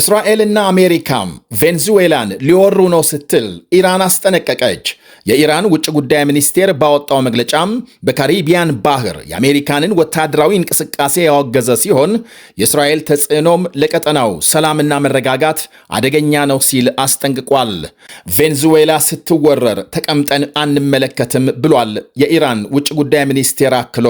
እስራኤልና አሜሪካም ቬንዙዌላን ሊወሩ ነው ስትል ኢራን አስጠነቀቀች። የኢራን ውጭ ጉዳይ ሚኒስቴር ባወጣው መግለጫም በካሪቢያን ባህር የአሜሪካንን ወታደራዊ እንቅስቃሴ ያወገዘ ሲሆን የእስራኤል ተጽዕኖም ለቀጠናው ሰላምና መረጋጋት አደገኛ ነው ሲል አስጠንቅቋል። ቬንዙዌላ ስትወረር ተቀምጠን አንመለከትም ብሏል የኢራን ውጭ ጉዳይ ሚኒስቴር አክሎ።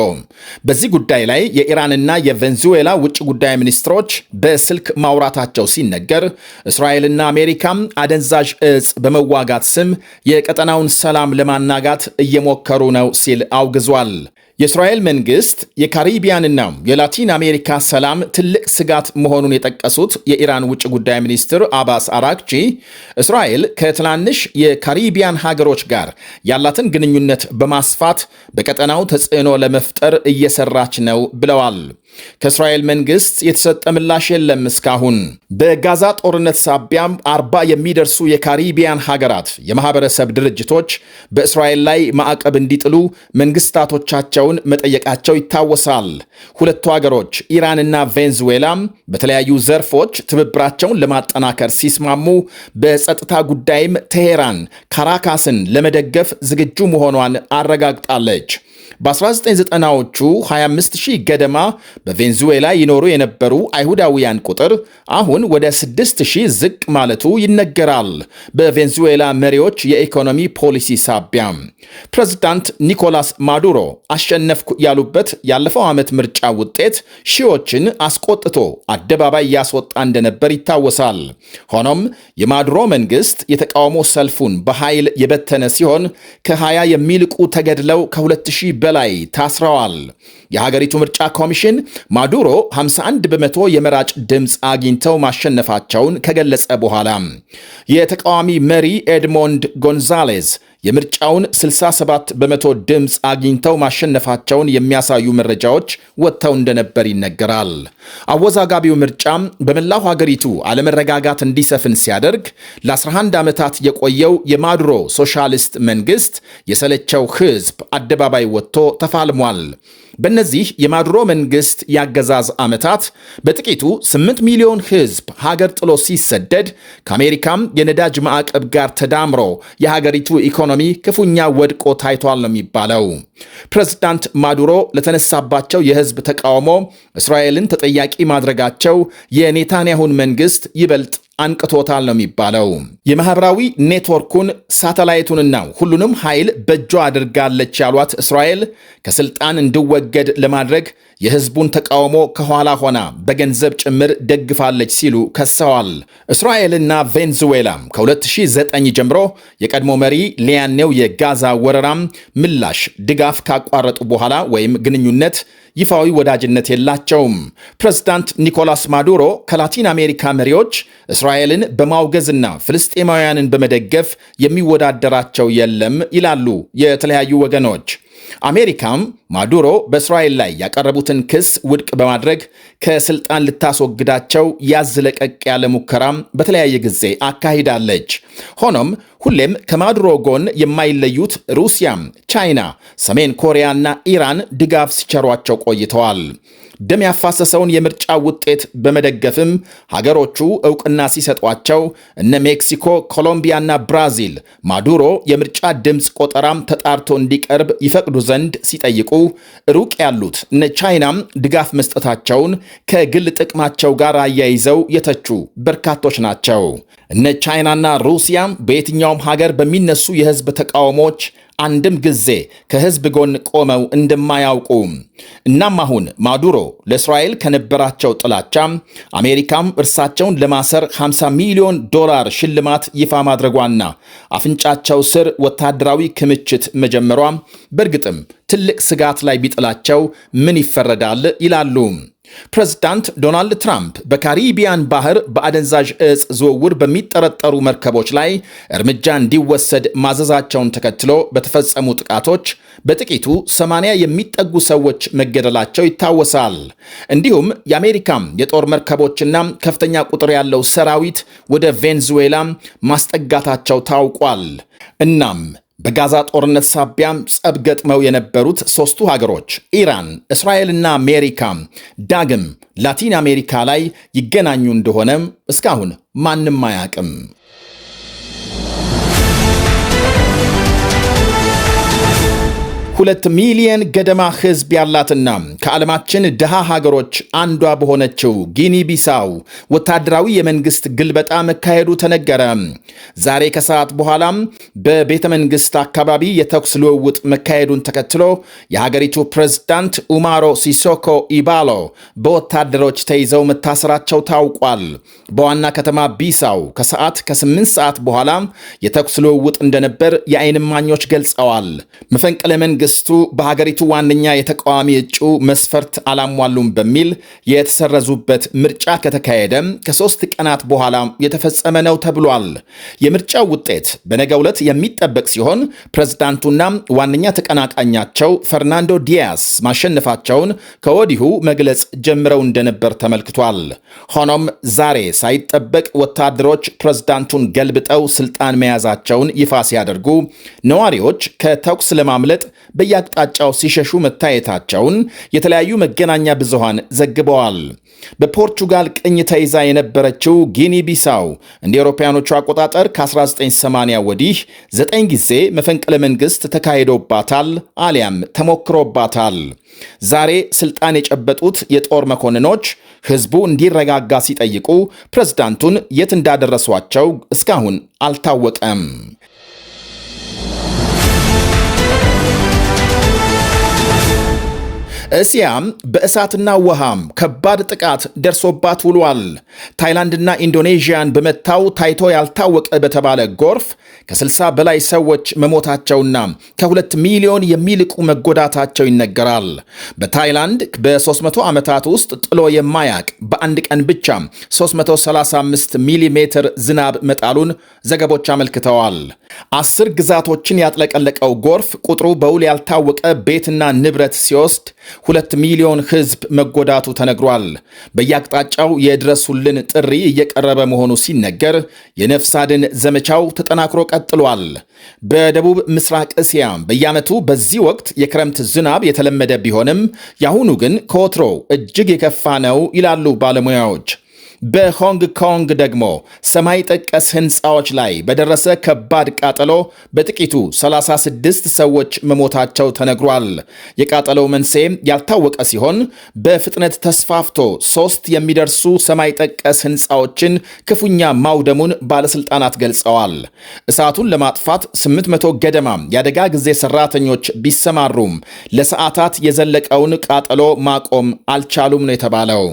በዚህ ጉዳይ ላይ የኢራንና የቬንዙዌላ ውጭ ጉዳይ ሚኒስትሮች በስልክ ማውራታቸው ሲነገር እስራኤልና አሜሪካም አደንዛዥ እጽ በመዋጋት ስም የቀጠናውን ሰላም ለማናጋት እየሞከሩ ነው ሲል አውግዟል። የእስራኤል መንግስት የካሪቢያንና የላቲን አሜሪካ ሰላም ትልቅ ስጋት መሆኑን የጠቀሱት የኢራን ውጭ ጉዳይ ሚኒስትር አባስ አራክቺ እስራኤል ከትናንሽ የካሪቢያን ሀገሮች ጋር ያላትን ግንኙነት በማስፋት በቀጠናው ተጽዕኖ ለመፍጠር እየሰራች ነው ብለዋል። ከእስራኤል መንግስት የተሰጠ ምላሽ የለም እስካሁን። በጋዛ ጦርነት ሳቢያም አርባ የሚደርሱ የካሪቢያን ሀገራት የማህበረሰብ ድርጅቶች በእስራኤል ላይ ማዕቀብ እንዲጥሉ መንግስታቶቻቸውን መጠየቃቸው ይታወሳል። ሁለቱ ሀገሮች ኢራንና ቬንዙዌላም በተለያዩ ዘርፎች ትብብራቸውን ለማጠናከር ሲስማሙ በጸጥታ ጉዳይም ቴሄራን ካራካስን ለመደገፍ ዝግጁ መሆኗን አረጋግጣለች። በ1990ዎቹ 25000 ገደማ በቬንዙዌላ ይኖሩ የነበሩ አይሁዳውያን ቁጥር አሁን ወደ 6000 ዝቅ ማለቱ ይነገራል። በቬንዙዌላ መሪዎች የኢኮኖሚ ፖሊሲ ሳቢያ ፕሬዝዳንት ኒኮላስ ማዱሮ አሸነፍኩ ያሉበት ያለፈው ዓመት ምርጫ ውጤት ሺዎችን አስቆጥቶ አደባባይ ያስወጣ እንደነበር ይታወሳል። ሆኖም የማዱሮ መንግስት የተቃውሞ ሰልፉን በኃይል የበተነ ሲሆን ከ20 የሚልቁ ተገድለው ከ2000 በላይ ታስረዋል። የሀገሪቱ ምርጫ ኮሚሽን ማዱሮ 51 በመቶ የመራጭ ድምፅ አግኝተው ማሸነፋቸውን ከገለጸ በኋላ የተቃዋሚ መሪ ኤድሞንድ ጎንዛሌዝ የምርጫውን 67 በመቶ ድምፅ አግኝተው ማሸነፋቸውን የሚያሳዩ መረጃዎች ወጥተው እንደነበር ይነገራል። አወዛጋቢው ምርጫም በመላው ሀገሪቱ አለመረጋጋት እንዲሰፍን ሲያደርግ ለ11 ዓመታት የቆየው የማድሮ ሶሻሊስት መንግስት የሰለቸው ህዝብ አደባባይ ወጥቶ ተፋልሟል። በእነዚህ የማድሮ መንግስት የአገዛዝ ዓመታት በጥቂቱ 8 ሚሊዮን ህዝብ ሀገር ጥሎ ሲሰደድ ከአሜሪካም የነዳጅ ማዕቀብ ጋር ተዳምሮ የሀገሪቱ ኢኮኖሚ ክፉኛ ወድቆ ታይቷል ነው የሚባለው። ፕሬዝዳንት ማዱሮ ለተነሳባቸው የህዝብ ተቃውሞ እስራኤልን ተጠያቂ ማድረጋቸው የኔታንያሁን መንግስት ይበልጥ አንቅቶታል ነው የሚባለው። የማህበራዊ ኔትወርኩን ሳተላይቱንና ሁሉንም ኃይል በእጇ አድርጋለች ያሏት እስራኤል ከስልጣን እንዲወገድ ለማድረግ የህዝቡን ተቃውሞ ከኋላ ሆና በገንዘብ ጭምር ደግፋለች ሲሉ ከሰዋል። እስራኤልና ቬንዙዌላ ከ2009 ጀምሮ የቀድሞ መሪ ሊያኔው የጋዛ ወረራም ምላሽ ድጋፍ ካቋረጡ በኋላ ወይም ግንኙነት ይፋዊ ወዳጅነት የላቸውም። ፕሬዝዳንት ኒኮላስ ማዱሮ ከላቲን አሜሪካ መሪዎች እስራኤልን በማውገዝና ፍልስጤማውያንን በመደገፍ የሚወዳደራቸው የለም ይላሉ የተለያዩ ወገኖች። አሜሪካም ማዱሮ በእስራኤል ላይ ያቀረቡትን ክስ ውድቅ በማድረግ ከስልጣን ልታስወግዳቸው ያዝለቀቅ ያለ ሙከራም በተለያየ ጊዜ አካሂዳለች። ሆኖም ሁሌም ከማዱሮ ጎን የማይለዩት ሩሲያም፣ ቻይና፣ ሰሜን ኮሪያና ኢራን ድጋፍ ሲቸሯቸው ቆይተዋል። ደም ያፋሰሰውን የምርጫ ውጤት በመደገፍም ሀገሮቹ እውቅና ሲሰጧቸው እነ ሜክሲኮ፣ ኮሎምቢያና ብራዚል ማዱሮ የምርጫ ድምፅ ቆጠራም ተጣርቶ እንዲቀርብ ይፈቅዱ ዘንድ ሲጠይቁ ሩቅ ያሉት እነ ቻይናም ድጋፍ መስጠታቸውን ከግል ጥቅማቸው ጋር አያይዘው የተቹ በርካቶች ናቸው። እነ ቻይናና ሩሲያም በየትኛውም ሀገር በሚነሱ የህዝብ ተቃውሞዎች አንድም ጊዜ ከህዝብ ጎን ቆመው እንደማያውቁ እናም አሁን ማዱሮ ለእስራኤል ከነበራቸው ጥላቻ አሜሪካም እርሳቸውን ለማሰር 50 ሚሊዮን ዶላር ሽልማት ይፋ ማድረጓና አፍንጫቸው ስር ወታደራዊ ክምችት መጀመሯ በእርግጥም ትልቅ ስጋት ላይ ቢጥላቸው ምን ይፈረዳል ይላሉ። ፕሬዝዳንት ዶናልድ ትራምፕ በካሪቢያን ባህር በአደንዛዥ እጽ ዝውውር በሚጠረጠሩ መርከቦች ላይ እርምጃ እንዲወሰድ ማዘዛቸውን ተከትሎ በተፈጸሙ ጥቃቶች በጥቂቱ 80 የሚጠጉ ሰዎች መገደላቸው ይታወሳል። እንዲሁም የአሜሪካም የጦር መርከቦችና ከፍተኛ ቁጥር ያለው ሰራዊት ወደ ቬንዙዌላ ማስጠጋታቸው ታውቋል። እናም በጋዛ ጦርነት ሳቢያም ጸብ ገጥመው የነበሩት ሦስቱ ሀገሮች ኢራን፣ እስራኤልና አሜሪካ ዳግም ላቲን አሜሪካ ላይ ይገናኙ እንደሆነም እስካሁን ማንም አያውቅም። ሁለት ሚሊየን ገደማ ህዝብ ያላትና ከዓለማችን ድሃ ሀገሮች አንዷ በሆነችው ጊኒ ቢሳው ወታደራዊ የመንግሥት ግልበጣ መካሄዱ ተነገረ። ዛሬ ከሰዓት በኋላም በቤተ መንግሥት አካባቢ የተኩስ ልውውጥ መካሄዱን ተከትሎ የሀገሪቱ ፕሬዝዳንት ኡማሮ ሲሶኮ ኢባሎ በወታደሮች ተይዘው መታሰራቸው ታውቋል። በዋና ከተማ ቢሳው ከሰዓት ከ8 ሰዓት በኋላ የተኩስ ልውውጥ እንደነበር የአይን እማኞች ገልጸዋል። መፈንቅለ መንግስት መንግስቱ በሀገሪቱ ዋነኛ የተቃዋሚ እጩ መስፈርት አላሟሉም በሚል የተሰረዙበት ምርጫ ከተካሄደም ከሶስት ቀናት በኋላ የተፈጸመ ነው ተብሏል። የምርጫው ውጤት በነገ ዕለት የሚጠበቅ ሲሆን ፕሬዝዳንቱና ዋነኛ ተቀናቃኛቸው ፈርናንዶ ዲያስ ማሸነፋቸውን ከወዲሁ መግለጽ ጀምረው እንደነበር ተመልክቷል። ሆኖም ዛሬ ሳይጠበቅ ወታደሮች ፕሬዝዳንቱን ገልብጠው ስልጣን መያዛቸውን ይፋ ሲያደርጉ ነዋሪዎች ከተኩስ ለማምለጥ በየአቅጣጫው ሲሸሹ መታየታቸውን የተለያዩ መገናኛ ብዙሃን ዘግበዋል። በፖርቹጋል ቅኝ ተይዛ የነበረችው ጊኒ ቢሳው እንደ አውሮፓውያኖቹ አቆጣጠር ከ1980 ወዲህ ዘጠኝ ጊዜ መፈንቅለ መንግስት ተካሂዶባታል አሊያም ተሞክሮባታል። ዛሬ ስልጣን የጨበጡት የጦር መኮንኖች ህዝቡ እንዲረጋጋ ሲጠይቁ ፕሬዝዳንቱን የት እንዳደረሷቸው እስካሁን አልታወቀም። እስያም በእሳትና ውሃም ከባድ ጥቃት ደርሶባት ውሏል። ታይላንድና ኢንዶኔዥያን በመታው ታይቶ ያልታወቀ በተባለ ጎርፍ ከ60 በላይ ሰዎች መሞታቸውና ከ2 ሚሊዮን የሚልቁ መጎዳታቸው ይነገራል። በታይላንድ በ300 ዓመታት ውስጥ ጥሎ የማያቅ በአንድ ቀን ብቻ 335 ሚሊሜትር ዝናብ መጣሉን ዘገቦች አመልክተዋል። አስር ግዛቶችን ያጥለቀለቀው ጎርፍ ቁጥሩ በውል ያልታወቀ ቤትና ንብረት ሲወስድ ሁለት ሚሊዮን ሕዝብ መጎዳቱ ተነግሯል። በየአቅጣጫው የድረሱልን ጥሪ እየቀረበ መሆኑ ሲነገር የነፍስ አድን ዘመቻው ተጠናክሮ ቀጥሏል። በደቡብ ምስራቅ እስያ በየዓመቱ በዚህ ወቅት የክረምት ዝናብ የተለመደ ቢሆንም የአሁኑ ግን ከወትሮው እጅግ የከፋ ነው ይላሉ ባለሙያዎች። በሆንግ ኮንግ ደግሞ ሰማይ ጠቀስ ሕንፃዎች ላይ በደረሰ ከባድ ቃጠሎ በጥቂቱ 36 ሰዎች መሞታቸው ተነግሯል። የቃጠሎው መንስኤም ያልታወቀ ሲሆን በፍጥነት ተስፋፍቶ ሶስት የሚደርሱ ሰማይ ጠቀስ ሕንፃዎችን ክፉኛ ማውደሙን ባለስልጣናት ገልጸዋል። እሳቱን ለማጥፋት 800 ገደማ የአደጋ ጊዜ ሰራተኞች ቢሰማሩም ለሰዓታት የዘለቀውን ቃጠሎ ማቆም አልቻሉም ነው የተባለው።